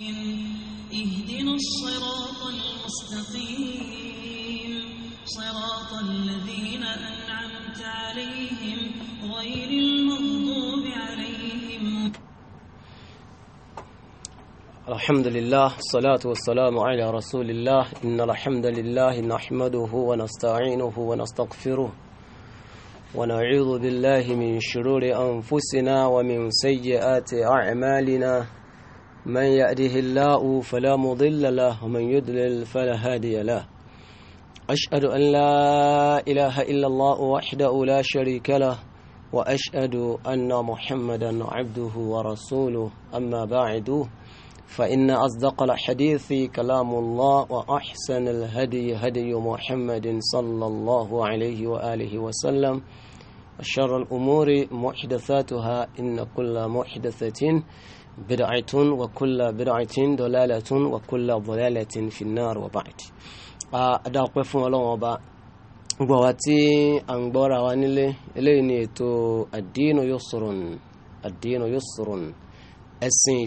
اهدنا الصراط المستقيم صراط الذين أنعمت عليهم غير المغضوب عليهم الحمد لله الصلاة والسلام على رسول الله إن الحمد لله نحمده ونستعينه ونستغفره ونعوذ بالله من شرور أنفسنا ومن سيئات أعمالنا من يأده الله فلا مضل له ومن يدلل فلا هادي له أشهد أن لا إله إلا الله وحده لا شريك له وأشهد أن محمدا عبده ورسوله أما بعد فإن أصدق الحديث كلام الله وأحسن الهدي هدي محمد صلى الله عليه وآله وسلم الشر الأمور محدثاتها إن كل محدثة bid'atun wa kullu bid'atin dalalatun wa kullu dalalatin fi an-nar wa ba'd adáwọ̀pẹ́ fún ọlọ́wọ́n ọba gbogbo àwa tí a ń gbọ́ra wa nílé eléyìí ni ètò ad-dinu yusrun ad-dinu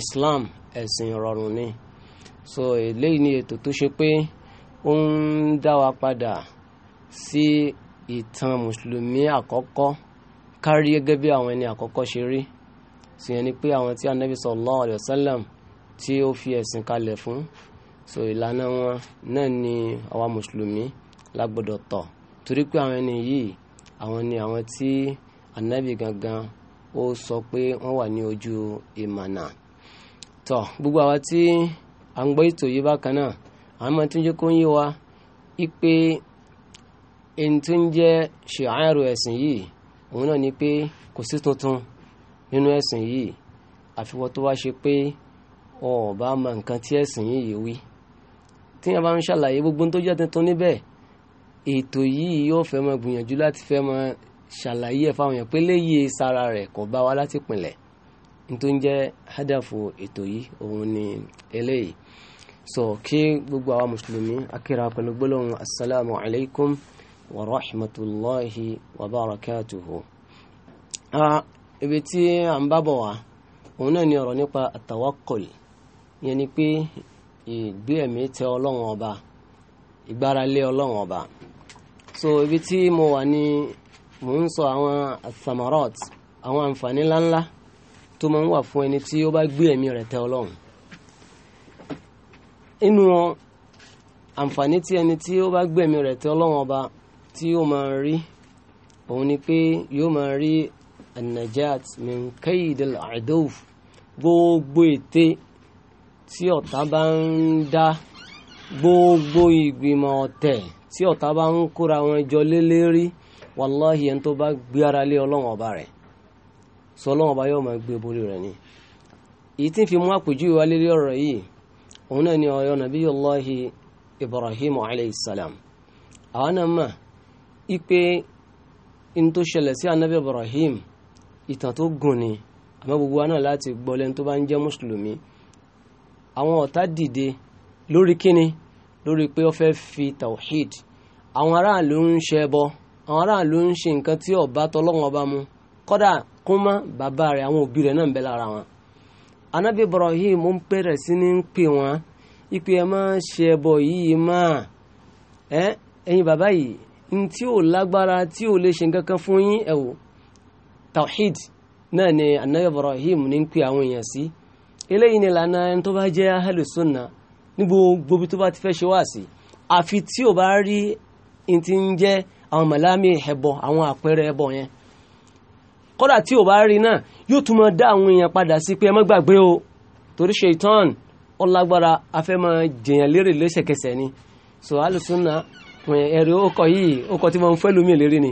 Islam ẹ̀sìn ìrọ̀rùn so eléyìí ni ètò tó ṣe pé ó ń dá wa padà sí ìtàn mùsùlùmí àkọ́kọ́ kárí gẹ́gẹ́ bí àwọn ẹni àkọ́kọ́ ṣe so yẹn ni pé àwọn tí anabi sallallahu alayhi wa sallam tí ó fi ẹ̀sìn kalẹ̀ fún so ìlànà wọn náà ni àwa mùsùlùmí lágbọ́dọ̀ tọ̀ torí pé àwọn ẹni yìí àwọn ni àwọn tí anabi gangan ó sọ pé wọ́n wà ní ojú ìmọ̀nà tọ̀ gbogbo àwa tí à ń gbọ́ ètò yìí bákan náà àwọn máa tún jẹ́ kó ń yé wa ipe ẹni tó ń jẹ́ ṣe àárò ẹ̀sìn yìí òun náà ni pé kò sí tuntun nínú ẹ̀sìn yìí àfiwọ́ tó wá ṣe pé ọ̀ọ́bá mọ nǹkan tí ẹ̀sìn yìí wí tí yẹn bá ń ṣàlàyé gbogbo tó jẹ́ tuntun níbẹ̀ ètò yìí yóò fẹ́ máa gbìyànjú láti fẹ́ máa ṣàlàyé ẹ̀ fáwọn èèyàn pé léyè sára rẹ̀ kò bá wa láti pinlẹ̀ tó jẹ́ hádàfo ètò yìí òun ni eléyìí so kí gbogbo àwa mùsùlùmí akéra pẹ̀lú gbólóhùn asalaamu alaykum wa rahmatulahi wa barakatuhu ibi tí à ń bábọ̀ wá òun náà ni ọ̀rọ̀ nípa àtàwákọ̀lì yẹn ni pé ìgbé ẹ̀mí tẹ ọlọ́run ọba ìgbáralé ọlọ́run ọba so ibi tí mo wà ní mò ń sọ àwọn samarot àwọn àǹfààní ńláńlá tó máa ń wà fún ẹni tí ó bá gbé ẹ̀mí rẹ̀ tẹ ọlọ́run inú wọn àǹfààní tí ẹni tí ó bá gbé ẹ̀mí rẹ̀ tẹ ọlọ́run ọba tí ó máa rí òun ni pé yóò máa rí an-najat min kayd al-aduw gbogbo ète tí ọ̀tá bá ń dá gbogbo ìgbìmọ̀ ọ̀tẹ̀ tí ọ̀tá bá ń kóra wọn jọ lé lérí wàláhì ẹni tó bá gbé ara lé ọlọ́wọ́n ọba rẹ̀ sọ ọlọ́wọ́n ọba yóò máa gbé borí rẹ̀ ni èyí tí ń fi mú àpèjúwe wa lérí ọ̀rọ̀ yìí òun náà ni ọ̀yọ́ nabiyullahi Ibrahim alayhi àwọn náà mà í pé sí anabi Ibrahim ìtàn tó gùn ni àmọ́ gbogbo wa náà láti gbọ́ lẹ́nu tó bá ń jẹ́ mùsùlùmí àwọn ọ̀tá dìde lórí kíni lórí pé ó fẹ́ fi tawhid àwọn aráàlú ń ṣe ẹbọ àwọn aráàlú ń ṣe nǹkan tí ó bá tọlọ́wọ́n ọba mu kọ́dà kún mọ́ bàbá rẹ̀ àwọn òbí rẹ̀ náà ń bẹ lára wọn. Ànábì Ibrahim ń pè sí ní ń pè wọ́n ipe ẹ máa ṣe ẹbọ yìí máa ẹ ẹ̀yin bàbá yìí ní ò lágbára tí ò lè ṣe nǹkan kan fún yín ẹ wò tawhid náà ni anabi ibrahim ní ń pè àwọn èèyàn sí eléyìí ni ìlànà ẹni tó bá jẹ́ ahlu sunna ní gbogbo bí tó bá ti fẹ́ ṣe wá sí àfi tí ò bá rí n ti ń jẹ́ àwọn màlámì ẹbọ àwọn àpẹẹrẹ ẹbọ yẹn kódà tí ò bá rí náà yóò tún máa dá àwọn èèyàn padà sí pé ẹ má o torí ṣaitan ó lágbára afẹ́ jèèyàn lérè lẹ́sẹ̀kẹsẹ̀ ni so ahlu sunna ẹ̀rí ó kọ yìí ó kọ tí mo ń fẹ́ lómi ìlérí ni.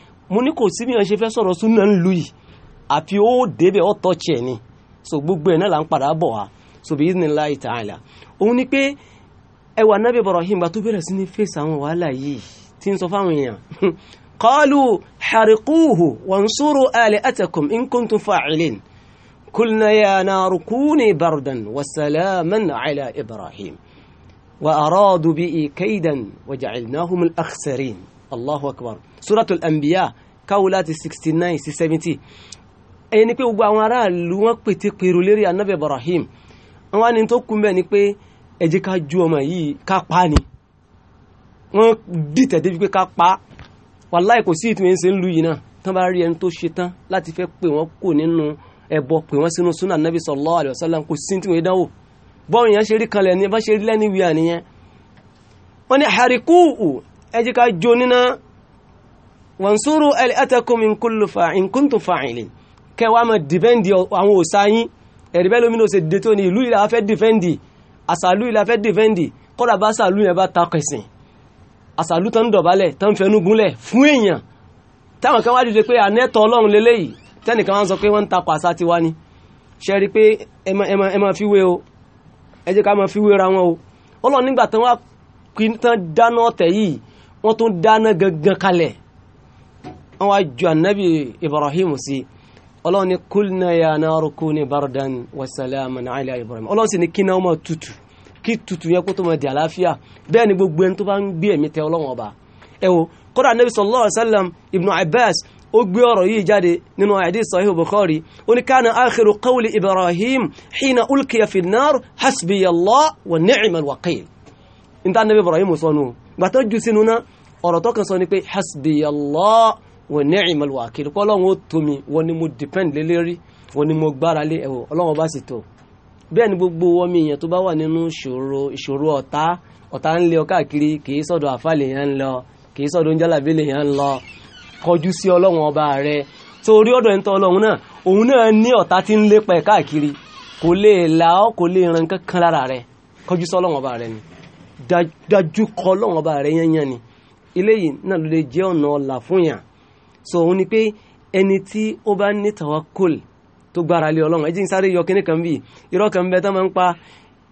mo ní kò sí bí wọ́n ṣe fẹ́ sọ̀rọ̀ súnà ń lu yìí àfi ó débẹ̀ ọ́ tọ́ọ̀chì ẹ̀ ni so gbogbo ẹ̀ náà là ń padà bọ̀ wá so bí iznillahi ta'ala òun ni pé ẹwà nabi Ibrahim gba tó bẹ̀rẹ̀ sí ní fèsì àwọn wàhálà yìí tí ń sọ fáwọn èèyàn qalu hariquhu wansuru alihatakum in kuntum fa'ilin kulna ya naru kuni bardan wa salaman ala Ibrahim wa aradu bihi wa ja'alnahum al-akhsarin Allahu akbar suratul anbiya káwo láti sixty nine sí seventy ẹ̀yẹ ni pé gbogbo àwọn aráàlú wọn pètè pèrò lérí anabi Ibrahim wọn á ní tó kú mbẹ́ ni pé ẹ jẹ́ ká ju ọmọ yìí ká pa á ni wọ́n dìtẹ̀ débi pé ká pa wàláì kò sí ìtumọ̀ ẹ̀ńsẹ̀ ńlu yìí náà tán bá rí ẹni tó ṣe tán láti fẹ́ pè wọ́n kò nínú ẹ̀bọ pè wọ́n sínú súnà nàbì sallallahu alaihi wasallam kò sí ìtumọ̀ ìdánwò bọ́ọ̀rù yẹn ṣe rí kanlẹ̀ ni bá ṣe rí lẹ́ni wíwá nìyẹn wọ́n ni àríkù ẹ ká jó níná wansuru al'atakum in kullu fa'in kuntum fa'ilin kẹ́ wá máa dìfẹ́ndì àwọn òsá yín ẹ̀rí bẹ́ẹ̀ lómi náà ṣe dé tó ní ìlú ìlà fẹ́ dìfẹ́ndì àṣàlú ìlà fẹ́ dìfẹ́ndì kọ́dà bá ṣàlú yẹn bá ta kẹsìn àṣàlú tó ń dọ̀bálẹ̀ tó ń fẹnu gúnlẹ̀ fún èèyàn táwọn kan wá dìde pé ànẹ́tọ̀ ọlọ́run lélẹ́yìí tẹ́nìkan wá ń sọ pé wọ́n ń takọ̀ àṣà tiwa ni ṣe rí pé ẹ máa fi wé o ẹ jẹ́ ká máa fi wé ra wọn o ọlọ́run nígbà tán wá tán dáná ọ̀tẹ̀ yìí wọ́n tún dáná gangan kalẹ̀ wọ́n wá ju anabi ibrahim sí ọlọ́run ní kulna ya naru kuni bardan wa salaman ala ibrahim ọlọ́run sì ní kí náà máa tutù kí tutù yẹn kó tó máa di àlàáfíà bẹ́ẹ̀ ni gbogbo ẹni tó bá ń gbé ẹ̀mí tẹ ọlọ́run ọba ẹ wo kódà anabi sallallahu alayhi wa sallam ibn abbas ó gbé ọ̀rọ̀ yìí jáde nínú hadith sahih bukhari ó ní kana akhiru qawli ibrahim hina ulkiya fi nar hasbiyallah wa ni'mal wakil níta anabi ibrahim sọnù gbàtọ́ ju sínú ọ̀rọ̀ tó kàn sọ ni pé hasbiyallah wa ni'mal wakil kọ́ ọlọ́run ó tó mi ni mo depend lé lérí wọ́n ni mo gbára lé ẹ̀wọ̀ ọlọ́run bá sì tó bẹ́ẹ̀ ni gbogbo ọmọ èèyàn tó bá wà nínú ìṣòro ìṣòro ọ̀tá ọ̀tá ń lé ọ káàkiri kì í sọ̀dọ̀ àfàlẹ̀ yẹn ń lọ kì í sọ̀dọ̀ njálàbílẹ̀ yẹn ń lọ kọjú sí ọlọ́run ọba rẹ torí ọ̀dọ̀ ẹ̀ńtọ́ ọlọ́run náà òun náà ní ọ̀tá tí ń lépa ẹ̀ káàkiri kò lè la ọ́ kò lè ran kankan lára rẹ kọjú sí ọlọ́run ọba rẹ ni dájú kọ ọlọ́run ọba rẹ yẹn yẹn ni eléyìí náà ló lè jẹ́ ọ̀nà ọ̀la fún yàn so òun ni pé ẹni tí ó bá ní tawakkul tó gbára lé ọlọ́run ẹjí ń sáré yọ kíní kan bí irọ́ kan bẹ tán máa ń pa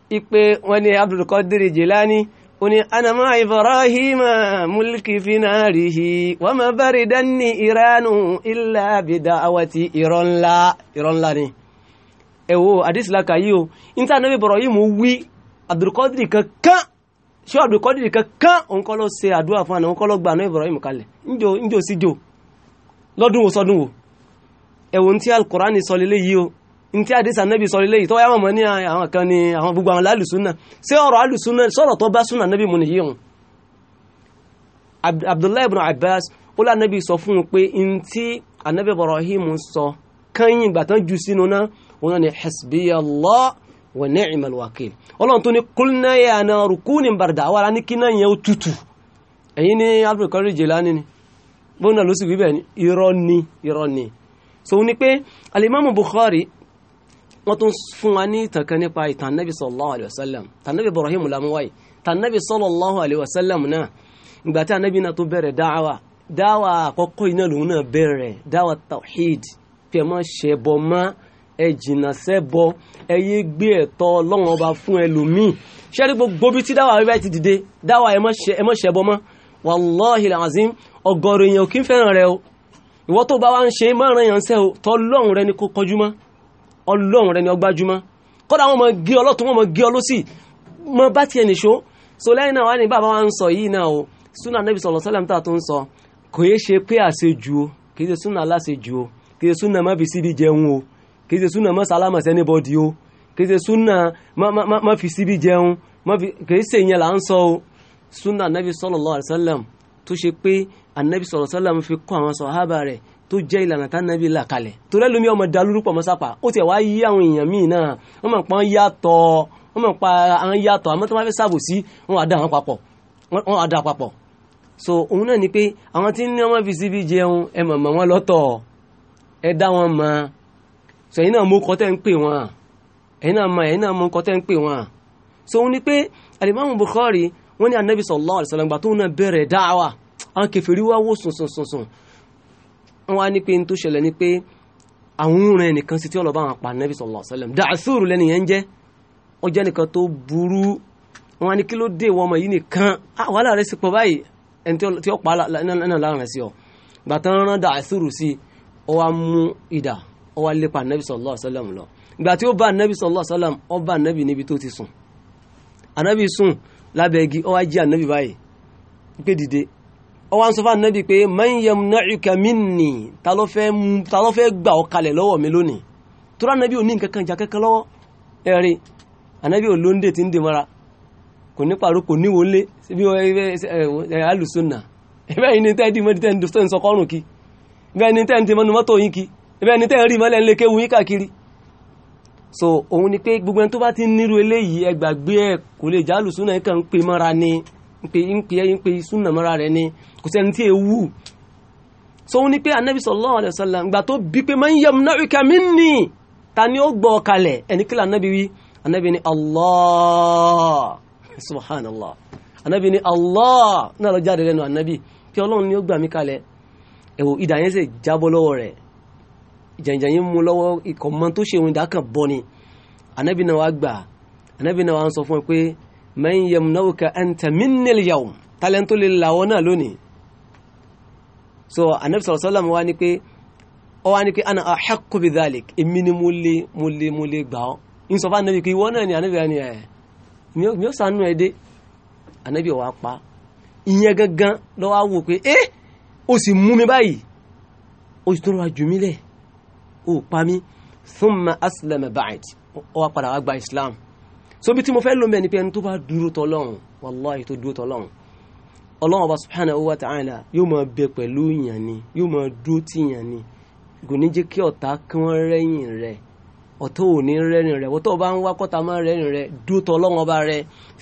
ipe wọn ni Abdul Qadir Jilani ó ní anamọ Ibrahima mulki finarihi wọn máa bẹ̀rẹ̀ dání iranu illa bidawati irọ́ ńlá irọ́ ńlá ni ẹ̀wọ́ àdísìláka yìí o níta anábì Ibrahim wí Abdul Qadir kankan ṣé Abdul Qadir kankan òun kọ́ ló ṣe àdúrà fún àná òun kọ́ ló gba anábì Ibrahim kalẹ̀ ńjọ sí jò lọ́dún wo sọ́dún wo ẹ̀wọ̀n tí alkùránì sọ lélẹ́ yìí o ní tí àdísà nẹ́bí sọ lélẹ́ yìí tó wáyà mọ̀ ní àwọn kan ní àwọn gbogbo àwọn alùsúnà sí ọ̀rọ̀ alùsúnà sọ̀rọ̀ tó bá súnà nẹ́bí mu nìyí hùn Abdullahi ibn Abbas ó lá nẹ́bí sọ fún un pé ní tí anẹ́bí Ibrahim sọ kányìn ìgbà tán ju sínú náà wọn ni hasbiyallah wa ni'mal wakil ọlọ́run tó ní kulna ya naru kuni barda náà yẹn ó tutù ẹ̀yìn ní Abdul Qadir Jilani bóńdà ló sì wí bẹ́ẹ̀ irọ́ ni so ní pé alimamu Bukhari wọ́n tún fún wa ní ìtàn nípa ìtàn sallallahu alaihi wasallam sallam tàn nabi Ibrahim sallallahu alayhi wa sallam náà ìgbà tí anabi náà tó bẹ̀rẹ̀ dáwà dáwà àkọ́kọ́ iná lòun náà bẹ̀rẹ̀ dáwà tawhid pé ẹ má ṣẹbọ mọ́ ẹ jìnnà sẹ́bọ ẹ yé gbé ẹ̀tọ́ Ọlọ́run fún ẹlòmíì ṣẹ́rí gbogbo bí tí dáwà rẹ̀ ti dìde dáwà ẹ ṣẹbọ mọ́ wàláhì làzim ọ̀gọ̀rọ̀ èèyàn kì í fẹ́ràn rẹ o ìwọ tó bá wá ń ṣe márùn èèyàn sẹ́ o tọ́lọ́run rẹ ni kó kọjúmọ́ ọlọ́run rẹ ni ọgbájúmọ́ kọ́dà wọn mọ gé ọ lọ́tún wọn mọ gé ọ lọ́sì mọ bá tiẹ̀ nìṣó so lẹ́yìn náà wà ní bàbá wa ń sọ yìí náà o súnà nẹ́bí sọ̀rọ̀ sọ́lá tá a tó ń sọ kò yé ṣe pé àṣejù o kì í ṣe súnà aláṣejù o kì í ṣe súnà má fi síbi jẹun o kì í ṣe súnà má sálámà sẹ́nibọ́dì o kì í ṣe súnà má fi síbi jẹun kì í ṣe ìyẹn là ń sọ o sunna anabi sallallahu alaihi wasallam tó ṣe pé anabi sallallahu alaihi wasallam fi kọ́ àwọn sọ̀hábà rẹ̀ tó jẹ́ ìlànà tánàbí là kalẹ̀ torí ẹlòmí ọmọ dalúrúpọ̀ mọ́sápà ó tiẹ̀ wá yí àwọn èèyàn míì náà wọ́n mọ̀ pọ́n yàtọ̀ wọ́n mọ̀ pa àwọn yàtọ̀ àmọ́ tó máa fẹ́ sábò sí wọ́n wà dá àwọn papọ̀ wọ́n wà dá papọ̀ so òun náà ni pé àwọn tí ní ọmọ fi síbi jẹun ẹ mọ̀ mọ̀ wọ́n lọ́tọ̀ ẹ dá wọn mọ̀ so ẹ̀yin náà mọ̀ kọ́ tẹ́ ń pè wọn ẹ̀yin náà mọ̀ ẹ̀yin náà mọ̀ kọ́ ń pè wọn so òun ni pé al Bukhari wọ́n ní anabi sallallahu alaihi wasallam tó náà bẹ̀rẹ̀ dáwà àwọn kẹfìrí wá wò sùn sùn sùn sùn wọ́n wá ní pé n tó ṣẹlẹ̀ ni pé àwọn rẹ̀ nìkan sí tí ọlọ́ba àwọn pa anabi sallallahu alaihi wasallam dàásùrù lẹ́nu yẹn ń jẹ́ ó jẹ́ nìkan tó burú wọ́n ní kí ló dé ìwọ ọmọ yìí nìkan ah, wàhálà rẹ̀ sì pọ̀ báyìí ẹni tí ó pa náà láàrin ọ anabi sallallahu alaihi wasallam lọ gbàtí sallallahu alaihi wasallam ó bá anabi níbi tó lábẹ́ igi ó wá jí ànábì báyìí pé dìde ó wá ń sọ fún ànábì pé man yamna'uka minni ta ló fẹ́ gbà ọ́ kalẹ̀ lọ́wọ́ mi lónìí tóra ànábì ò ní nǹkan kan jà kankan lọ́wọ́ ẹ̀rí ànábì ò lóńdè tí ń dè mọ́ra kò ní pàrọ̀ kò ní wọlé síbi alùsùnà ẹ̀bẹ́ yìí ni tẹ́ di mọ́tò tẹ́ ń kí ẹ̀bẹ́ ni ni tẹ́ ń so òun ni pé gbogbo ẹni tó bá ti nírú eléyìí ẹ gbàgbé ẹ kò lè jálù súnà ẹ kàn ń pe mọ́ra ni ń pe ń pe ń pe súnà mọ́ra rẹ ni kò sẹ́ni tí ewu so òun ni pé anabi sallallahu alaihi wasallam gbà tó bí pé man yamna'uka minni ta ni ó gbọ́ kalẹ̀ ẹni kí lànàbí wí anabi ni allah subhanallah anabi ni allah náà lọ jáde lẹ́nu anabi pé ọlọ́run ni ó gbà mí kalẹ̀ ẹ̀wò ìdá yẹn sì jábọ́ lọ́wọ́ rẹ̀ jàǹjàǹ yìí mú lọ́wọ́ ikọ̀ mọ́ tó ṣe òun ìdákan bọ́ ni anabi náà wá gbà anabi náà wá ń sọ fún ẹ pé man yamnauka anta minni al-yawm tálẹ́ntó lè làwọ́ náà lónìí so anabi sallallahu alaihi wasallam wá ní pé ọ wá ní pé ana ahaqqu bi dhalik èmi ni mo lè mo lè mo lè gbà ọ́ ń sọ fún anabi pé ìwọ náà ni anabi ni ẹ̀ mi ò sànú ẹ dé anabi wá pa ìyẹn gangan lọ́wọ́ wò pé ẹ́ eh, o sì mú mi báyìí o sì tún wá ó pa mí thumma aslama ba'd ó wá padà wá gba islam so bí tí mo fẹ́ lò mẹ́ni pé ẹni tó bá dúró tọ́lọ́run wàláhì tó dúró tọ́lọ́run ọlọ́run ọba subhanahu wa ta'ala yóò máa bẹ pẹ̀lú yàn ni yóò máa dúró tì yàn ni kò ní jẹ́ kí ọ̀tá kí wọ́n rẹ́yìn rẹ̀ ọ̀tọ́ ò ní rẹ́rìn rẹ̀ wọ́tọ́ bá ń wá kọ́ta máa rẹ́rìn rẹ̀ dúró tọ́ ọlọ́run ọba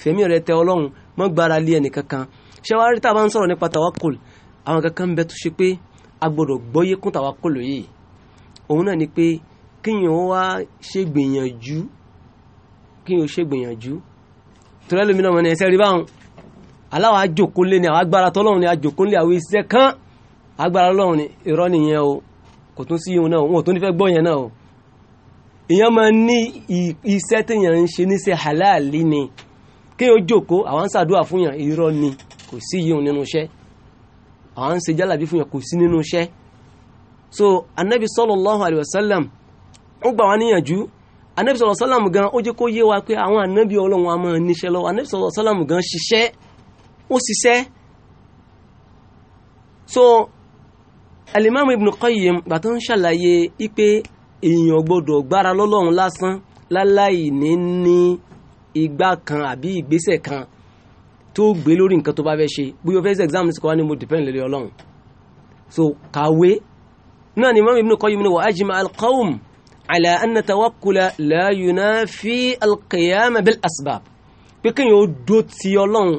fẹ̀mí rẹ̀ tẹ ọlọ́run mọ́ gbára lé ẹnì kankan ṣé tá a bá ń sọ̀rọ̀ nípa tàwákùl àwọn kankan ń bẹ tó ṣe pé a gbọ́yé kún tàwákùl yìí òun náà ni pé kíyàn ó wá ṣègbìyànjú kíyàn ó ṣègbìyànjú torí ẹlòmínà wọn ni ẹsẹ rí báwọn aláwọ àjòkólé ni àwọn agbára tọlọ́run ni àjòkólé àwọn iṣẹ́ kan agbára Ọlọ́run ni irọ́ nìyẹn o kò tún sí ìhun náà wọn ò tún ní fẹ́ gbọ́ yẹn náà o èèyàn máa ní iṣẹ́ téèyàn ń ṣe níṣẹ́ halali ni kéèyàn jókòó àwọn ń ṣàdúrà fún yàn irọ́ ni kò sí ìhun nínú iṣẹ́ àwọn ń ṣe jálàbí fún yàn kò sí nínú iṣẹ́ so anabi sallallahu alayhi wa sallam ó gbà wá níyànjú anabi sallallahu alayhi wa sallam gan ó jẹ́ kó yé wa pé àwọn anabi ọlọ́run a máa níṣẹ́ lọ́wọ́ anabi sallallahu alayhi wa sallam gan ṣiṣẹ́ ó ṣiṣẹ́ so alimami ibn qayyim gbàtọ́ ń ṣàlàyé ipe èèyàn gbọ́dọ̀ gbára lọ́lọ́run lásán láláì ní ní igbá kan abi ìgbésẹ̀ kan tó gbé lórí nǹkan tó bá fẹ́ ṣe bóyá o fẹ́ ṣe exam ní sikọ́wá ni mo depend lórí ọlọ́run so kàwé náà ni Imam Ibn Qayyim ni wa ajma al-qawm ala anna tawakkula la yunafi al-qiyama bil asbab pé kí yóò dó ti ọlọ́run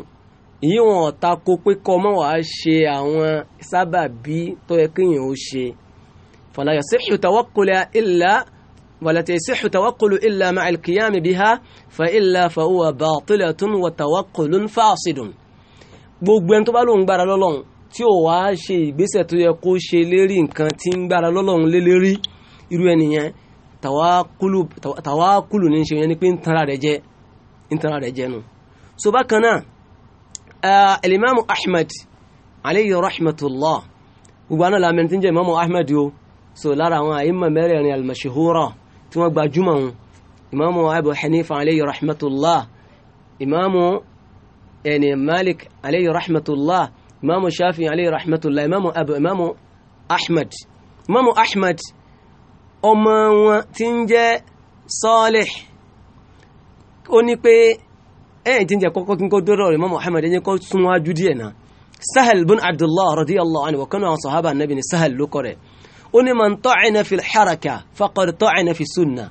èyí wọn ta ko pé kọ́ mọ́ wàá ṣe àwọn sábàbí tó yẹ kí yóò ṣe fala yasihhu tawakkulu illa ولا يصح توكل إلا مع القيام بها فإلا فهو باطلة وتوكل فاسد gbogbo ẹni tó bá lóun gbára lọ́lọ́run tí ò wá ṣe ìgbésẹ̀ tó yẹ kó ṣe lérí nǹkan tí ń gbára lọ́lọ́run lé lérí irú ẹnìyẹn tàwákùlù ní ṣe yẹn ni pé ń tanra rẹ̀ jẹ ń tanra rẹ̀ jẹ nù. so bákan náà alimami ahmed aleyhi rahmatulah gbogbo àná làmì tí ń jẹ́ imamu ahmed o so lára àwọn àyínmọ̀ mẹ́rẹ̀ẹ̀rin almashihura tí wọ́n gbajúmọ̀ wọn imamu abu hanifa aleyhi rahmatulah imamu ẹni malik aleyhi rahmatulah imamu shafi عليه rahmatulah الله abu imamu ahmed imamu ahmed ọmọ wọn tí صالح jẹ́ salih ó ní pé ẹ̀yìn tí ń jẹ́ kọ́kọ́ kí n kó dọ́rọ̀ imamu ahmed ẹ̀yìn kó súnwájú díẹ̀ náà sahel bin abdullah radiyallahu anhu wa kanu àwọn sahaba anabi ni sahel ló kọ́ man ta'ina fil haraka faqad ta'ina fi sunna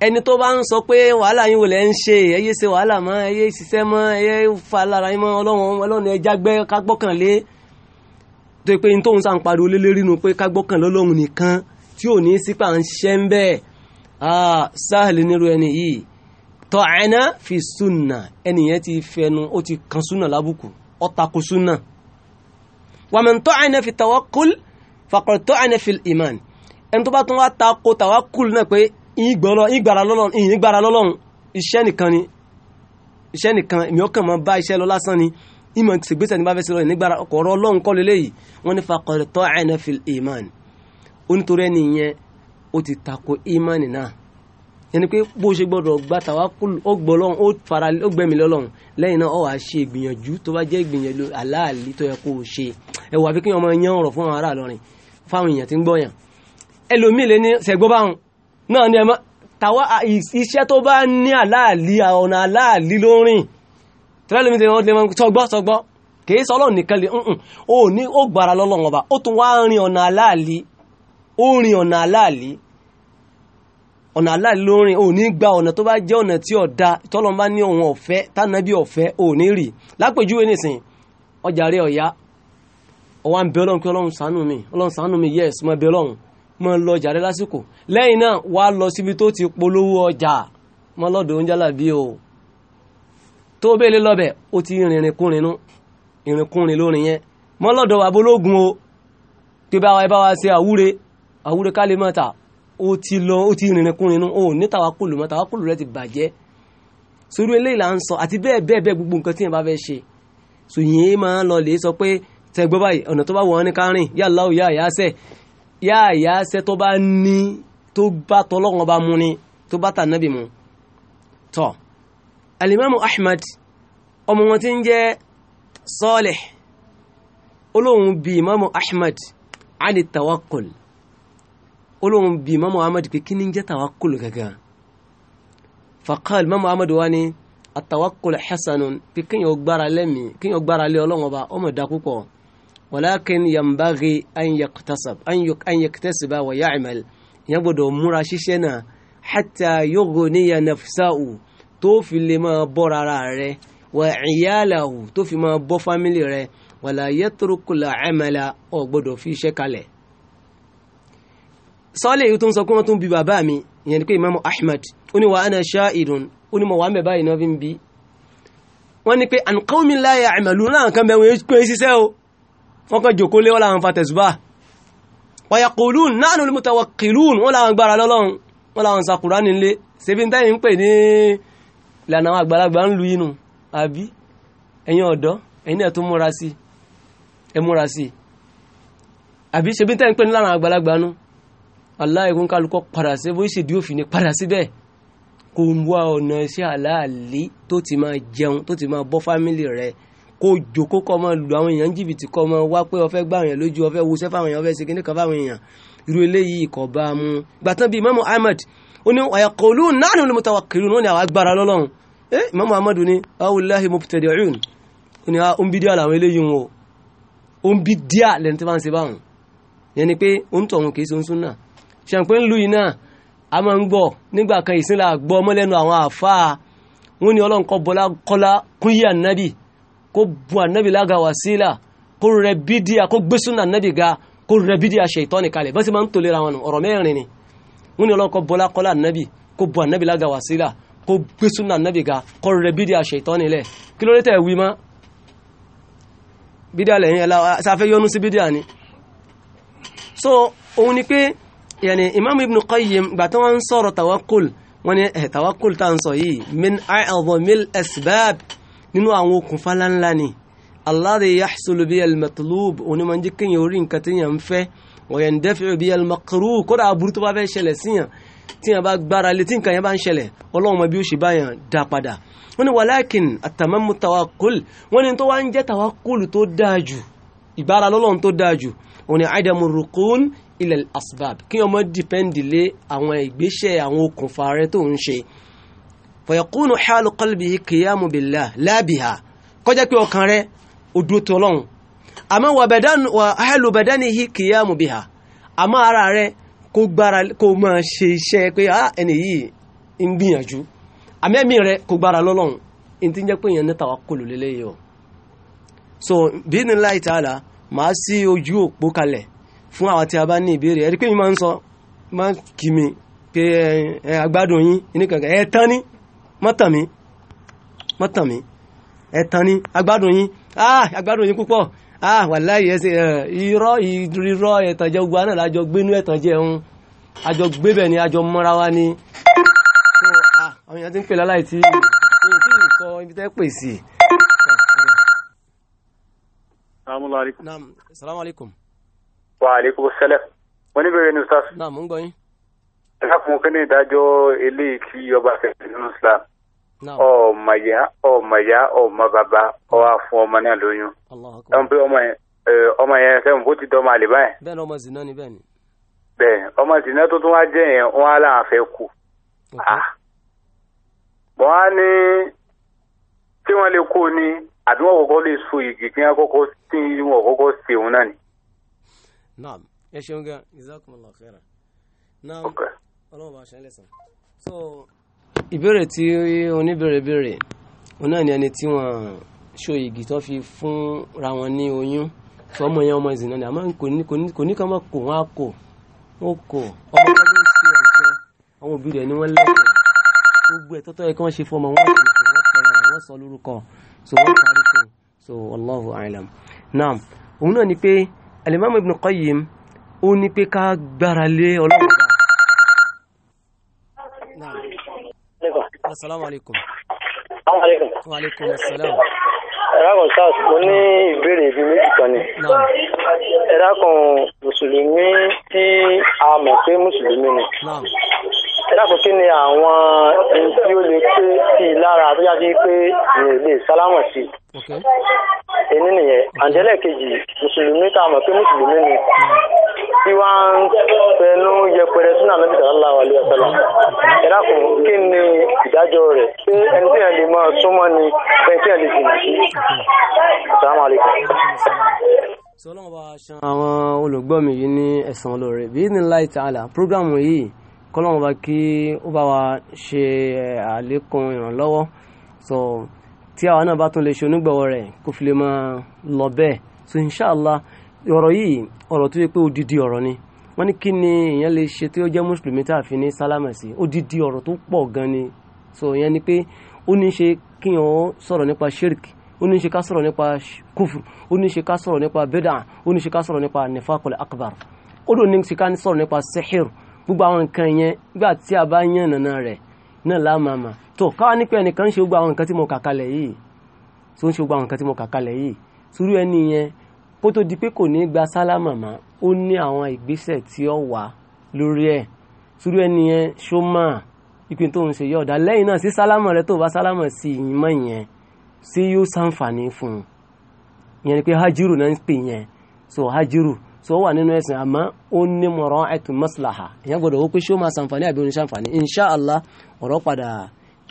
ẹni tó bá ń sọ pé wàhálà yín wò lẹ́ ń ṣe ẹyẹ ṣe wàhálà mọ́ ẹyẹ ṣiṣẹ́ mọ́ ẹyẹ fa lára yín mọ́ ọlọ́run ọlọ́run ẹja gbẹ́ kágbọ́kànlé tó pé ní tóun sàn pariwo lélẹ́rìí nu pé kágbọ́kànlé ọlọ́run nìkan tí ò ní sípà ń ṣẹ́ ń bẹ́ẹ̀ sáàlì nírú ẹni yìí tọ́ ẹ̀nà fi súnà ẹni yẹn ti fẹnu ó ti kan súnà lábùkù ó tako súnà wàmí tọ́ ẹ̀nà fi tawakkul fàkọ̀tọ́ ẹ̀nà fi ìmàn ẹni tó bá tún ìgbàrà lọ́lọ́run iṣẹ́ nìkan ni iṣẹ́ nìkan èmi ọkàn mọ́ bá iṣẹ́ lọ lásán ni ìmọ̀ ìgbésẹ̀ ní bá fẹ́ sí lọ nígbàrà ọkọ̀ọ̀rọ̀ ọlọ́run kọ́ lélẹ́yìí wọ́n ní faqad ta'ana fil iman onítorí ẹni yẹn ó ti tako iman náà yẹn ni pé bó ṣe gbọ́dọ̀ gba tawakkul ó gbọ́ lọ́run ó fara ó gbẹ̀mí lọ́lọ́run lẹ́yìn náà ó wàá ṣe ìgbìyànjú tó bá jẹ́ ìgbìyànjú aláàlí tó yẹ kó o ṣe ẹ̀wọ̀ àbí kí wọ́n yan ọ̀rọ̀ fún àwọn ará fáwọn èèyàn tí ń gbọ́yàn ẹlòmíì lé ní sẹ́gbọ́ báwọn náà ni ẹmọ́ tàwa iṣẹ́ tó bá ní aláàlí ọ̀nà aláàlí ló rìn tẹ́lẹ̀lẹ́mí tẹ́lẹ̀ wọ́n tẹ́lẹ̀ sọgbọ́ sọgbọ́ kìí sọ ọlọ́run nìkan lè ǹǹ ó ní ó gbára lọ́lọ́run ọba ó tún wá rìn ọ̀nà aláàlí ó rìn ọ̀nà aláàlí ọ̀nà aláàlí ló rìn ó ní gba ọ̀nà tó bá jẹ́ ọ̀nà tí ọ̀dà tọ́lọ́n bá ní òun ọ̀fẹ́ tánàbí ọ̀fẹ́ ò ní rì lápèjúwe nìsín ọjà rẹ̀ ọ̀yá ọwá ń mọ lọ ọjà rẹ lásìkò lẹ́yìn náà wà á lọ síbi tó ti polówó ọjà mọ lọ́dọ̀ oúnjẹ làbí o tó bẹ́ẹ̀lẹ́ lọ́bẹ̀ ó ti rìnrìnkúnrin nú ìrìnkúnrin lórin yẹn mọ lọ́dọ̀ wà bólógun o pé báwa ẹ bá wa ṣe àwúre àwúre ká lè mọ ta ó ti lọ ó ti rìnrìnkúnrin nú o ní tàwákùlù mọ tàwákùlù rẹ ti bàjẹ́ sórí eléyìí là ń sọ àti bẹ́ẹ̀ bẹ́ẹ̀ bẹ́ẹ̀ gbogbo nǹkan tí yẹn bá fẹ́ ṣe sòyìn máa ń lọ lè sọ pé tẹgbọ́ báyìí ọ̀nà tó bá wọ̀ ọ́ ní kárìn yàlá òyà àyàsẹ̀ yáà yá sẹ́ tó bá ní tó bá tọ́lọ́wọ́n bá mú ni tó bá tànábì mu tọ́ alimamu ahmad ọmọ wọn ti ń jẹ́ salih olóhùn bí imamu ahmad ani tawakul olóhùn bí imamu ahmad pé kí ni ń jẹ́ tawakul gangan faqal imamu ahmad wa ni atawakul hasanun pé kínyàn gbára lẹ́mìí kínyàn gbára lé ọlọ́wọ́n bá ọmọ ìdá púpọ̀ walakin yambagi an yaktasab an yuk an yaktasiba wa ya'mal ìyẹn gbọ́dọ̀ múra ṣiṣẹ́ náà hatta yughniya nafsahu tó fi lè máa bọ́ rárá rẹ̀ wa iyalahu tó fi máa bọ́ fámìlì rẹ̀ wala yatrukula amala ò gbọ́dọ̀ fi iṣẹ́ kalẹ̀. sọ́ọ́lẹ̀ yìí tó ń sọ pé wọ́n tún bi bàbá mi ìyẹn ni pé imaamu ahmed ó ní wa ana sha'idun ó ní mo wà á mẹ́ báyìí náà fi ń bi. wọ́n ní pé an qawmin la ya'maluna kan bẹ́ẹ̀ wọ́n pé ṣiṣẹ́ o wọ́n kàn jòkó lé wọ́n láwọn fa tẹ̀sùbá wàyàkùlùn nánú mutawakkilun wọ́n láwọn gbára lọ́lọ́run wọ́n láwọn sàkùrá nílé ṣebí ń tẹ́yìn ń pè ní ìlànà àwọn àgbàlagbà ń lu inú àbí ẹ̀yin ọ̀dọ́ ẹ̀yin ń pè ní ìlànà àgbàlagbà nu aláìkún kálukọ́ padà sí bó ṣèdí òfin ni padà síbẹ̀ kò ń wá ọ̀nà iṣẹ́ àlàálí tó ti máa jẹun tó ti máa bọ́ fámìlì rẹ̀ kó jòkó kọ́ máa lu àwọn èèyàn jìbìtì kọ́ máa wá pé ó fẹ́ gbá àwọn èèyàn lójú ó fẹ́ wọṣẹ́ fáwọn èèyàn ó fẹ́ ṣe kíní kan fáwọn èèyàn irú eléyìí kò bá a mú gbàtàn bíi Imam Ahmad ó ní ọ̀yàkọ̀ọ́lù nahnu al-mutawakkilun ó ní àwọn agbára lọ́lọ́run eh Imam Ahmed ní awùláhi mubtadi'un ó ní ah, ó ń bí díà làwọn eléyìí wọn ó ń bí díà lẹ́ni tí wọ́n ń ṣe báwọn yẹn ni pé ó ń tọ̀hún kì í ṣe ń kó bu anabi lága wàsílà kó rẹ bídíà kó gbé súnà anabi ga kó rẹ bídíà ṣètánì kalẹ̀ bá sì máa ń tolera wọn ọ̀rọ̀ mẹ́rin ni wọ́n ní ọlọ́kọ̀ bọ́lá kọ́lá anabi kó bu anabi lága wàsílà kó gbé súnà anabi ga kó rẹ bídíà ṣètánì lẹ̀ kí ló dé tẹ̀ wí mọ́ bídíà lẹ́yìn ẹ̀la sáfẹ́ yọnu sí bídíà ni so òun ni pé yẹni imam ibn qayyim gbà tí wọ́n ń sọ̀rọ̀ tawakkul wọ́n ní tawakkul tá à ń sọ yìí min a'zamil asbab nínú àwọn okùnfà ńláńlá ni alladhi yahsulu bihi al-matlub onímọ̀ ń jẹ́ kéèyàn orí nǹkan tí yẹn ń fẹ́ wa yandafi'u bihi al-maqru kódà aburú tó bá fẹ́ ṣẹlẹ̀ síyàn tí yẹn bá gbára lé tí nǹkan yẹn bá ń ṣẹlẹ̀ ọlọ́run mọ bí ó ṣe bá yẹn dá walakin at tawakkul wọ́n ní tó wá tawakkul tó dáa jù ìbára lọ́lọ́run tó dáa jù rukun ilal asbab kí ọmọ dìpẹ́ndì lé àwọn ìgbésẹ̀ àwọn okùnfà rẹ tó fọ̀yẹ̀kúnù hálù kọlùbì kìyàmù bìlá lábìhà kọjá pé ọkàn rẹ odú tó lọ́hun àmọ́ wà hálù bàdánì hì kìyàmù bìhà àmọ́ ara rẹ kó gbára kó máa ṣe iṣẹ́ pé á ah, ẹni yìí ń gbìyànjú àmẹ́mí rẹ kó gbára lọ́lọ́hun so bí ní láì tààlà màá sí ojú òpó kalẹ̀ fún àwọn tí a bá ní ìbéèrè ẹ̀rí pé mi máa ń sọ máa kì mí pé ẹ agbádùn yín ní kankan ẹ tán ní mọ́tànmí mọ́tànmí ẹ̀tàn ni agbádùn yín ah agbádùn yín púpọ̀ ah wàláhì ẹsẹ̀ irọ́ irọ́ ẹ̀tànjẹ́ ogun náà lájọ gbénú ẹ̀tànjẹ́ ẹ̀hún àjọ gbébẹ̀ ni àjọ mọ́ra wa ni ah, wa wọ́n ní bèrè ní ẹ̀dákun kí ni ìdájọ́ eléyìí tí ọba kẹsàn-án nínú Islam ọmọ ìyá ọmọ ìyá ọmọ bàbá ọwọ́ fún ọmọ náà lóyún ẹ̀hún pé ọmọ yẹn ọmọ yẹn sẹ́wọ̀n kó ti dán ọmọ àlè báyìí. bẹ́ẹ̀ ni ọmọ zina ni bẹ́ẹ̀ ni. bẹ́ẹ̀ ọmọ zina tó tún wá jẹ́ yẹn wọ́n á láwọn fẹ́ kú. Ah. wọ́n á ní tí wọ́n lè kó ni àbí wọ́n kọ́kọ́ lè so igi kí wọ́n kọ́kọ́ sí wọn kọ́kọ́ sí òun náà ni. naam ẹ ṣeun gan jazakumullahu khairan so ìbéèrè tí oníbèrè béèrè òun náà ni ẹni tí wọ́n ṣo tó fi fún ra wọn ní oyún tí ọmọ yẹn ọmọ ìzìnà ni àmọ́ kò ní ká má kò wọ́n kò wọ́n kò ọmọ wọn ló ṣe ẹ̀ṣẹ̀ àwọn òbí rẹ̀ ni wọ́n lẹ́kọ̀ọ́ gbogbo ẹ̀ tọ́tọ́ yẹ kí wọ́n ṣe fún ọmọ wọn kò wọ́n pẹ̀lú wọn sọ lórúkọ so wọ́n parí kò so Allahu a'lam naam òun náà ni pé alimami ibn Qayyim ó ní pé ká gbára lé ọlọ́run asalaamu alaykum. wa aleykum asalaam. ẹ̀rọ sars mo ní ìbéèrè ibi méjì kan ni. ẹ̀rọ kan mùsùlùmí tí a mọ̀ pé mùsùlùmí ni dákun kí ni àwọn ẹni tí ó lè pé sí i lára tó yá sí pé èèyàn lè sálámọ̀ sí i. èyí nìyẹn àǹtẹ̀lẹ̀ kejì mùsùlùmí tá a mọ̀ pé mùsùlùmí ni tí wọ́n ń fẹnu yẹpẹ súnà nàbí sallallahu alaihi wasallam ẹ dákun kí ni ìdájọ́ rẹ̀ pé ẹni tí yẹn lè máa súnmọ́ ni ẹni tí yẹn lè jìnnà sí assalamu alaikum. sọlọ́n bá ṣan àwọn olùgbọ́ mi yìí ní ẹ̀sán olóore bí ní láì tààlà prógráàmù yìí kọ́lọ́mù bá kí ó bá wa ṣe eh, àlékún ìrànlọ́wọ́ so tí àwa náà bá tún lè ṣe onígbọ̀wọ́ rẹ̀ kó fi lè máa lọ bẹ́ẹ̀ so inshallah ọ̀rọ̀ yìí ọ̀rọ̀ tó yẹ pé odidi ọ̀rọ̀ ni wọ́n ní kí ni èèyàn lè ṣe tí ó jẹ́ mùsùlùmí tá a fi ní sálámà sí odidi ọ̀rọ̀ tó pọ̀ gan ni so ìyẹn ni pé ó ní ṣe kí wọ́n sọ̀rọ̀ nípa ṣírkì ó ní ṣe ká sọ̀rọ̀ nípa kúfù ó ní ṣe ká sọ̀rọ̀ nípa bẹ́dà ó ní ṣe ká sọ̀rọ̀ nípa nifakul akbar ó dò ní ṣe ká sọ̀rọ̀ nípa sihir gbogbo àwọn nǹkan yẹn gbà tí a bá yàn nàna rẹ̀ náà lámàmà tó káwá nípa ẹnìkan ṣe gbogbo àwọn nǹkan tí mo kà kalẹ̀ yìí tó ń ṣe mo kà kalẹ̀ yìí sùúrù ẹni yẹn kó tó di pé kò ó ní àwọn ìgbésẹ̀ tí ó wà lórí ẹ̀ sórí ẹni yẹn ṣó máa ipe tó ń ṣe yọ ọ̀dà lẹ́yìn náà sí sálámà rẹ tó bá sálámà sí mọ́ sí yóò fún un ìyẹn ni pé hajiru náà ń pè yẹn so hajiru so ó wà nínú ẹ̀sìn àmọ́ ó ní mọ̀ràn ẹ̀tù maslaha ìyẹn gbọ́dọ̀ ó pé ṣó máa àbí oníṣàǹfààní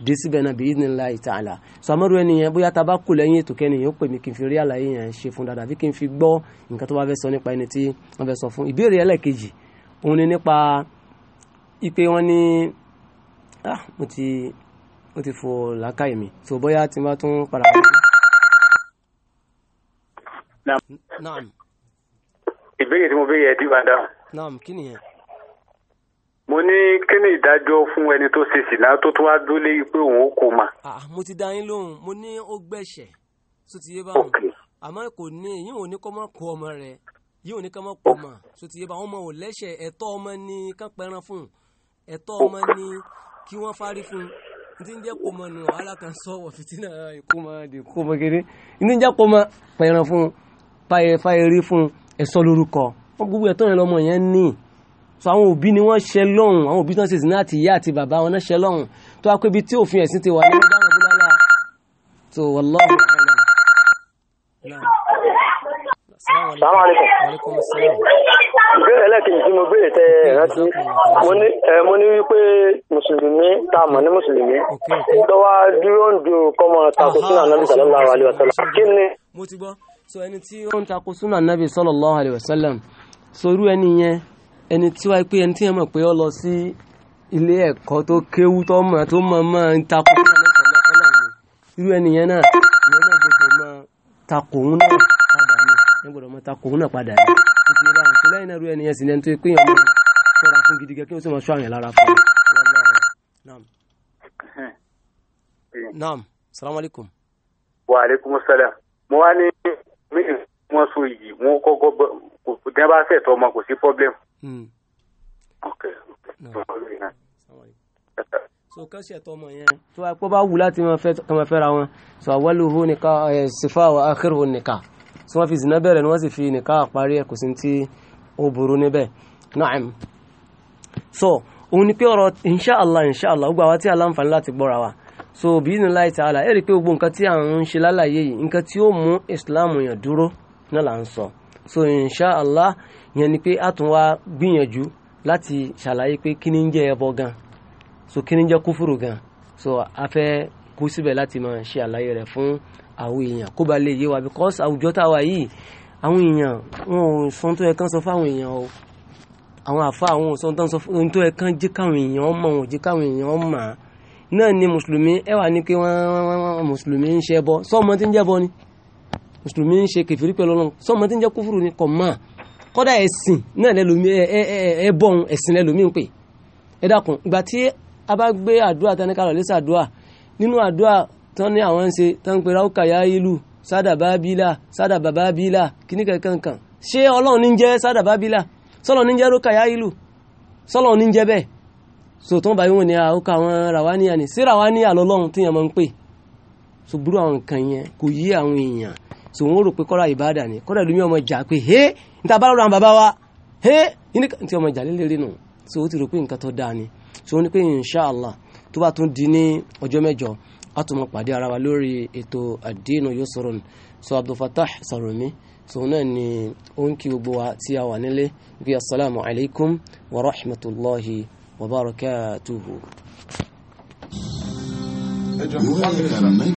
dé síbẹ̀ náà bíi ìdínlá ìtàlá so àmọ́rú ẹni yẹn bóyá tá a bá kú lẹ́yìn ètò kẹ́ni yẹn ó pè mí kí n fi rí àlàyé yẹn ṣe fún dáadáa bí kí n fi gbọ́ nǹkan tó bá fẹ́ sọ nípa ẹni tí wọ́n fẹ́ sọ fún ìbéèrè ẹlẹ́ẹ̀kejì òun ni nípa ipe wọn ní ah mo ti mo ti fò làákàyè mi so bóyá tí n bá tún padà wá sí. naam ìbéèrè tí mo béèrè ẹ dí wa dáhùn. naam kí nìyẹn mo ní kí ni ìdájọ́ fún ẹni tó ṣe sìná tó tún wá dúlé pé òun ó kó ma. mo ti dá yín lóhùn mo ní ó gbẹ̀ṣẹ̀ tó ti yé báwọn àmọ́ kò ní yín ò ní kó mọ́ kó ọmọ rẹ̀ yín ò ní kó mọ́ kó ma tó ti yé báwọn ọmọ ò lẹ́ṣẹ̀ ẹ̀tọ́ ọmọ ni kán pẹran fún ẹ̀tọ́ ọmọ ni kí wọ́n fárí fún ní jẹ́ kó mọ nù wàhálà kan sọ̀wọ́ fìtínà ìkómọ dè kó mọ kéré ní jẹ́ kó mọ pẹran fún fáyẹrí fún ẹ̀sọ́ lórúkọ gbogbo ẹ̀tọ́ yẹn lọ́mọ yẹn ní so àwọn òbí ni wọ́n ṣe lọ́hùn àwọn òbí tí wọ́n ṣe sí náà àti ìyá àti bàbá wọn náà ṣe lọ́hùn tó wá pé ibi tí òfin ẹ̀sìn ti wà ní ọjọ́ àwọn búlálà tó wà lọ́hùn. ìbéèrè ẹlẹ́kìnrin tí mo béèrè tẹ rántí mo ní wípé mùsùlùmí tá a mọ̀ ní mùsùlùmí lọ́wọ́ dúró ń du kọ́mọ tako sínú ànábì sallallahu alaihi wasallam kí ni. mo ti gbọ́ so ẹni tí ó ń tako sínú ànábì sallallahu alaihi wasallam so irú ẹni yẹn ẹni tí wáyé pé ẹni tí yẹn mọ̀ pé ó lọ sí ilé ẹ̀kọ́ tó kéwú tó mọ̀ tó mọ̀ mọ̀ ń takò fún ọ̀nà ìtọ́lá tọ́lá ni irú ẹni yẹn náà ìyẹn náà gbọdọ̀ mọ takò òun náà padà ni ìyẹn gbọdọ̀ mọ takò òun náà padà ni títí yẹn báwọn ṣe lẹ́yìn náà irú ẹni sì ni ẹni tó pé yẹn mọ̀ fún gidigẹ́ kí wọ́n sì mọ̀ ṣọ́ àyàn lára fún un. naam salamu alaykum. wa aleykum salaam mo wá ní mí wọ́n so yìí wọ́n kọ́kọ́ bọ́ kò dẹ́ bá fẹ̀ tọ́ ọmọ kò sí Mm. Okay. No. so kan ṣe ẹ̀tọ́ ọmọ yẹn tó wá pọ́ bá wù láti kọmọ fẹ́ra wọn so awwaluhu nikah sifa wa akhiruhu nikah so wọ́n fi zina bẹ̀rẹ̀ ni wọ́n sì fi nikah àparí ẹ̀ kò sí tí ó burú níbẹ̀ na'am so òun ni pé ọ̀rọ̀ inṣàlá inṣàlá gbogbo àwa tí a láǹfààní láti gbọ́ra wa so bi'iznillahi ta'ala ẹ̀rí pé gbogbo nǹkan tí à ń ṣe lálàyé yìí nǹkan tí ó mú ìsìláàmù yẹn dúró náà là ń sọ. So so inshallah yẹn ni pé a tún wá gbìyànjú láti ṣàlàyé pé kí ni ń jẹ́ ẹbọ gan so kí ni ń jẹ́ kúfùrù gan so a fẹ́ kú síbẹ̀ láti máa ṣe àlàyé rẹ̀ fún àwọn èèyàn kó ba lè yé wa because àwùjọ tá a wà yìí àwọn èèyàn wọn ò sọ tó yẹ kán sọ fáwọn èèyàn o àwọn àfa àwọn òsàn tó ń sọ fún tó yẹ kán jí káwọn èèyàn mọ̀ wọn jí káwọn èèyàn mọ̀ náà ni mùsùlùmí ẹ wà ní pé wọn mùsùlùmí ń ṣẹbọ sọmọ tí ń jẹbọ ni mùsùlùmí ń ṣe kẹfìrí pẹ̀lú ọlọ́run sọmọ tí ń jẹ́ kúfúrú ni kọ̀ máa kọ́dà ẹ̀sìn náà lẹ́lòmí ẹ bọ́n ẹ̀sìn lẹ́lòmí ń pè ẹ dákun ìgbà tí a bá gbé àdúrà tán ní kálọ̀ lẹ́sẹ̀ àdúrà nínú àdúrà tán ní àwọn ń ṣe tán ń pe ráúkà yá ìlú sádà bábílà sádà bàbá bílà kíní kankan ṣé ọlọ́run ní jẹ́ sádà bábílà sọ́lọ́ ní jẹ́ ráúkà yá ìlú sọ́lọ́ ní jẹ́ bẹ́ẹ̀ sòtún báyìí wọn ni àwòkà àwọn ràwáníyà ni sí ràwáníyà lọ́lọ́run tí yẹn máa ń pè ṣùgbọ́n àwọn nǹkan yẹn kò yí àwọn èèyàn so wọ́n rò pé kọ́ra ìbáàdà ni kọ́ra ìlú mi ọmọ pé hé níta bá lọ́rọ̀ bàbá wa hé yíní tí ọmọ ìjà lélẹ̀ nù so ó ti rò pé nǹkan tó dáa ni so wọ́n ní pé inshàlá tó bá tún di ní ọjọ́ mẹ́jọ a pàdé ara wa lórí ètò àdínú yusrun so abdulfatah sarumi so náà ni ó ń kí gbogbo wa tí a wà nílé bí asalaamu alaykum wa rahmatulahi wa barakatuhu.